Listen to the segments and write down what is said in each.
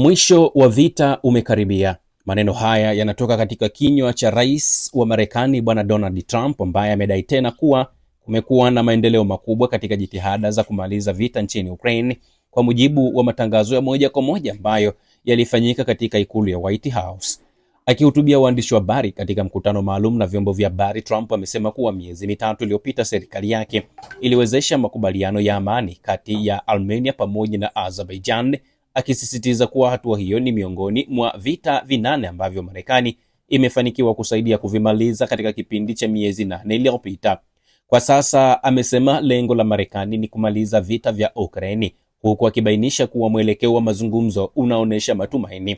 Mwisho wa vita umekaribia. Maneno haya yanatoka katika kinywa cha rais wa Marekani Bwana Donald Trump ambaye amedai tena kuwa kumekuwa na maendeleo makubwa katika jitihada za kumaliza vita nchini Ukraine, kwa mujibu wa matangazo ya moja kwa moja ambayo yalifanyika katika ikulu ya White House. Akihutubia waandishi wa habari katika mkutano maalum na vyombo vya habari, Trump amesema kuwa miezi mitatu iliyopita serikali yake iliwezesha makubaliano ya amani kati ya Armenia pamoja na Azerbaijan akisisitiza kuwa hatua hiyo ni miongoni mwa vita vinane ambavyo Marekani imefanikiwa kusaidia kuvimaliza katika kipindi cha miezi nane iliyopita. Kwa sasa, amesema lengo la Marekani ni kumaliza vita vya Ukraini, huku akibainisha kuwa mwelekeo wa mazungumzo unaonyesha matumaini.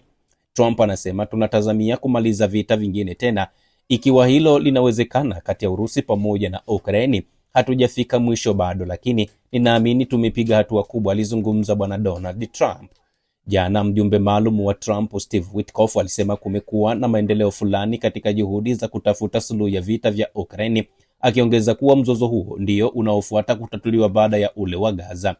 Trump anasema tunatazamia kumaliza vita vingine tena ikiwa hilo linawezekana kati ya Urusi pamoja na Ukraini. Hatujafika mwisho bado, lakini ninaamini tumepiga hatua kubwa, alizungumza Bwana Donald Trump. Jana mjumbe maalum wa Trump Steve Witkoff alisema kumekuwa na maendeleo fulani katika juhudi za kutafuta suluhu ya vita vya Ukraini, akiongeza kuwa mzozo huo ndio unaofuata kutatuliwa baada ya ule wa Gaza.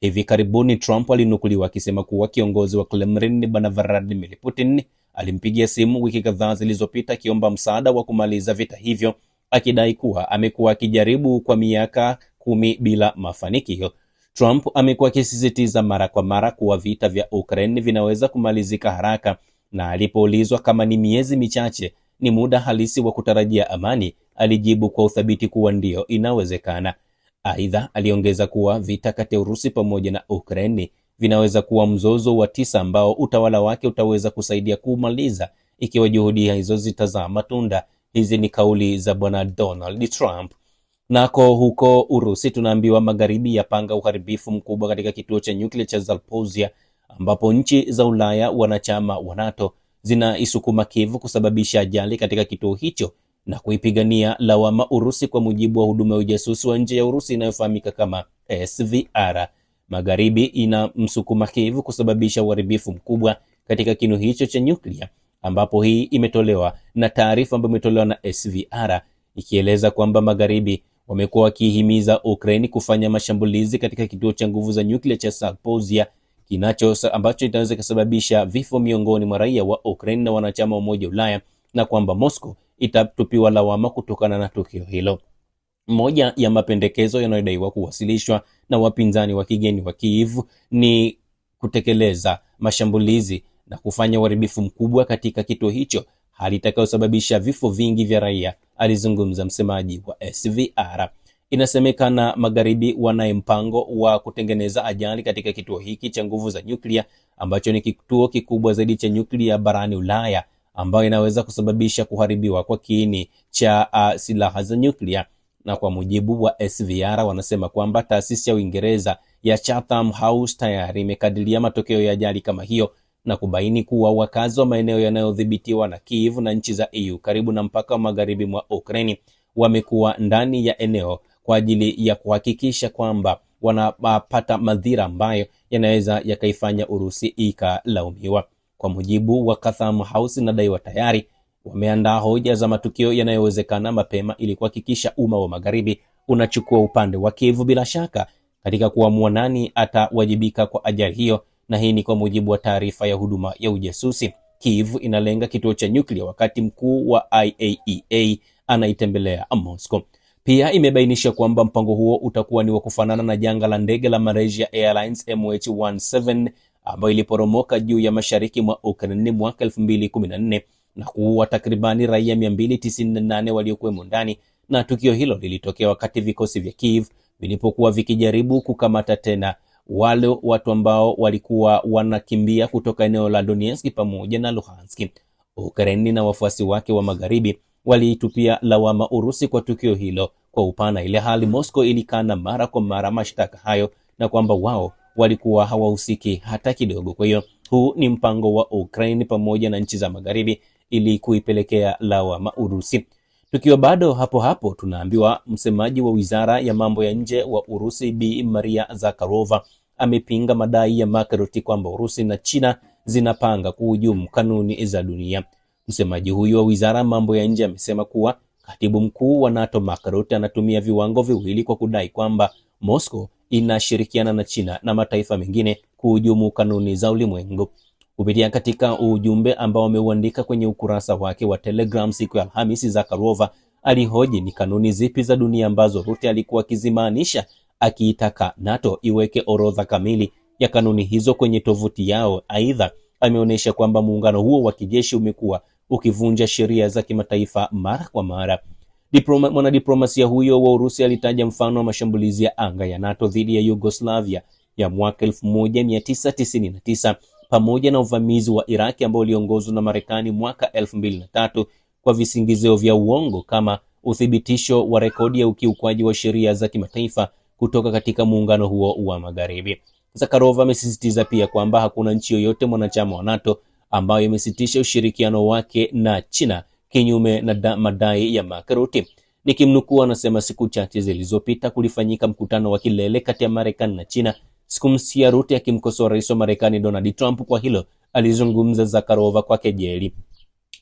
Hivi karibuni Trump alinukuliwa akisema kuwa kiongozi wa Kremlin Bwana Vladimir Putin alimpigia simu wiki kadhaa zilizopita akiomba msaada wa kumaliza vita hivyo, akidai kuwa amekuwa akijaribu kwa miaka kumi bila mafanikio. Trump amekuwa akisisitiza mara kwa mara kuwa vita vya Ukraine vinaweza kumalizika haraka, na alipoulizwa kama ni miezi michache ni muda halisi wa kutarajia amani, alijibu kwa uthabiti kuwa ndio inawezekana. Aidha, aliongeza kuwa vita kati ya Urusi pamoja na Ukraine vinaweza kuwa mzozo wa tisa ambao utawala wake utaweza kusaidia kumaliza ikiwa juhudi hizo zitazaa matunda. Hizi ni kauli za Bwana Donald Trump. Nako huko Urusi tunaambiwa magharibi yapanga uharibifu mkubwa katika kituo cha nyuklia cha Zaporizhia, ambapo nchi za Ulaya wanachama wa NATO zinaisukuma Kiev kusababisha ajali katika kituo hicho na kuipigania lawama Urusi, kwa mujibu wa huduma ya ujasusi wa nje ya Urusi inayofahamika kama SVR. Magharibi inamsukuma Kiev kusababisha uharibifu mkubwa katika kinu hicho cha nyuklia, ambapo hii imetolewa na taarifa ambayo imetolewa na SVR ikieleza kwamba magharibi wamekuwa wakihimiza Ukraine kufanya mashambulizi katika kituo cha nguvu za nyuklia cha Zaporizhia kinacho ambacho itaweza kusababisha vifo miongoni mwa raia wa Ukraine na wanachama wa Umoja wa Ulaya na kwamba Moscow itatupiwa lawama kutokana na tukio hilo. Moja ya mapendekezo yanayodaiwa kuwasilishwa na wapinzani wa kigeni wa Kiev ni kutekeleza mashambulizi na kufanya uharibifu mkubwa katika kituo hicho, hali itakayosababisha vifo vingi vya raia alizungumza msemaji wa SVR. Inasemekana magharibi wanaye mpango wa kutengeneza ajali katika kituo hiki cha nguvu za nyuklia ambacho ni kituo kikubwa zaidi cha nyuklia barani Ulaya, ambayo inaweza kusababisha kuharibiwa kwa kiini cha uh, silaha za nyuklia. Na kwa mujibu wa SVR wanasema kwamba taasisi ya Uingereza ya Chatham House tayari imekadiria matokeo ya ajali kama hiyo na kubaini kuwa wakazi wa maeneo yanayodhibitiwa na Kiev na nchi za EU karibu na mpaka wa magharibi mwa Ukraine wamekuwa ndani ya eneo kwa ajili ya kuhakikisha kwamba wanapata madhira ambayo yanaweza yakaifanya Urusi ikalaumiwa. Kwa mujibu wa Chatham House, inadaiwa tayari wameandaa hoja za matukio yanayowezekana mapema ili kuhakikisha umma wa magharibi unachukua upande wa Kiev, bila shaka katika kuamua nani atawajibika kwa ajali hiyo na hii ni kwa mujibu wa taarifa ya huduma ya ujasusi. Kiev inalenga kituo cha nyuklia wakati mkuu wa IAEA e anaitembelea Moscow. Pia imebainisha kwamba mpango huo utakuwa ni wa kufanana na janga la ndege la Malaysia Airlines MH17 ambayo iliporomoka juu ya mashariki mwa Ukraine mwaka 2014 na kuua takribani raia 298 waliokuwemo ndani, na tukio hilo lilitokea wakati vikosi vya Kiev vilipokuwa vikijaribu kukamata tena wale watu ambao walikuwa wanakimbia kutoka eneo la Donetsk pamoja na Luhansk. Ukraini na wafuasi wake wa magharibi waliitupia lawama Urusi kwa tukio hilo kwa upana, ile hali Moscow ilikana mara kwa mara mashtaka hayo na kwamba wao walikuwa hawahusiki hata kidogo. Kwa hiyo huu ni mpango wa Ukraini pamoja na nchi za magharibi ili kuipelekea lawama Urusi. Tukiwa bado hapo hapo, tunaambiwa msemaji wa wizara ya mambo ya nje wa Urusi Bi Maria Zakharova amepinga madai ya Makaroti kwamba Urusi na China zinapanga kuhujumu kanuni za dunia. Msemaji huyo wa wizara ya mambo ya nje amesema kuwa katibu mkuu wa NATO Makaroti anatumia viwango viwili kwa kudai kwamba Moscow inashirikiana na China na mataifa mengine kuhujumu kanuni za ulimwengu. Kupitia katika ujumbe ambao ameuandika kwenye ukurasa wake wa Telegram siku ya Alhamisi, Zakharova alihoji ni kanuni zipi za dunia ambazo Rutte alikuwa akizimaanisha akiitaka NATO iweke orodha kamili ya kanuni hizo kwenye tovuti yao. Aidha, ameonyesha kwamba muungano huo wa kijeshi umekuwa ukivunja sheria za kimataifa mara kwa mara. mwanadiplomasia huyo wa Urusi alitaja mfano wa mashambulizi ya anga ya NATO dhidi ya Yugoslavia ya mwaka 1999 pamoja na uvamizi wa Iraki ambao uliongozwa na Marekani mwaka 2003 kwa visingizio vya uongo kama uthibitisho wa rekodi ya ukiukwaji wa sheria za kimataifa kutoka katika muungano huo wa magharibi. zakharova amesisitiza pia kwamba hakuna nchi yoyote mwanachama wa NATO ambayo imesitisha ushirikiano wake na China kinyume na madai ya Mark Rutte. Nikimnukuu, anasema siku chache zilizopita kulifanyika mkutano wa kilele kati ya Marekani na China. Sikumsikia Rutte akimkosoa rais wa Marekani Donald Trump kwa hilo, alizungumza Zakharova kwa kejeli.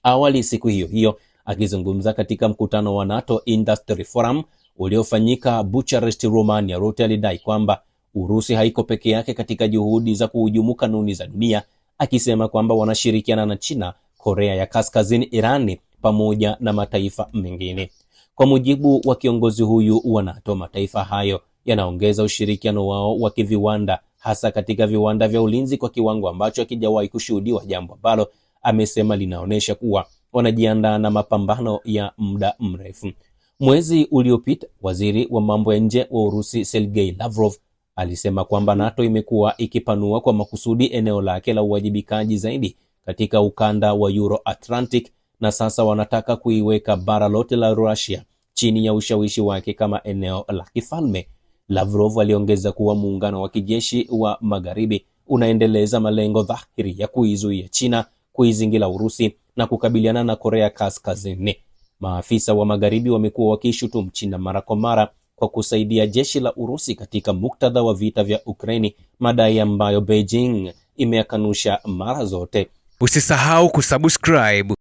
Awali siku hiyo hiyo akizungumza katika mkutano wa NATO Industry Forum uliofanyika Bucharest, Romania, Rutte alidai kwamba Urusi haiko peke yake katika juhudi za kuhujumu kanuni za dunia, akisema kwamba wanashirikiana na China, Korea ya Kaskazini, Irani pamoja na mataifa mengine. Kwa mujibu wa kiongozi huyu wa NATO, mataifa hayo yanaongeza ushirikiano wao wa kiviwanda, hasa katika viwanda vya ulinzi kwa kiwango ambacho hakijawahi kushuhudiwa, jambo ambalo amesema linaonyesha kuwa wanajiandaa na mapambano ya muda mrefu. Mwezi uliopita waziri wa mambo ya nje wa Urusi Sergei Lavrov alisema kwamba NATO imekuwa ikipanua kwa makusudi eneo lake la uwajibikaji zaidi katika ukanda wa Euro Atlantic na sasa wanataka kuiweka bara lote la Russia chini ya ushawishi wake kama eneo la kifalme. Lavrov aliongeza kuwa muungano wa kijeshi wa magharibi unaendeleza malengo dhahiri ya kuizuia China, kuizingira Urusi na kukabiliana na Korea Kaskazini. Maafisa wa Magharibi wamekuwa wakiishutumu China mara kwa mara kwa kusaidia jeshi la Urusi katika muktadha wa vita vya Ukraini, madai ambayo Beijing imeyakanusha mara zote. Usisahau kusubscribe,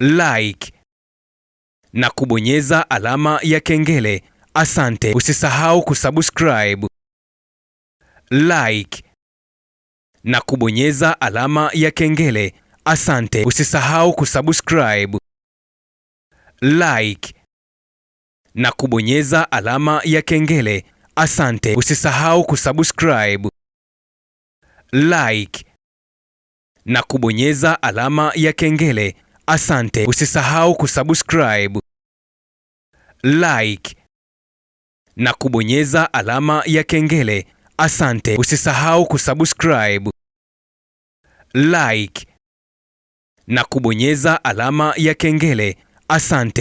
like na kubonyeza alama ya kengele. Asante. Usisahau kusubscribe, like na kubonyeza alama ya kengele. Asante. Usisahau kusubscribe like na kubonyeza alama ya kengele. Asante. Usisahau kusubscribe, like na kubonyeza alama ya kengele. Asante. Usisahau kusubscribe, like na kubonyeza alama ya kengele. Asante. Usisahau kusubscribe, like na kubonyeza alama ya kengele. Asante.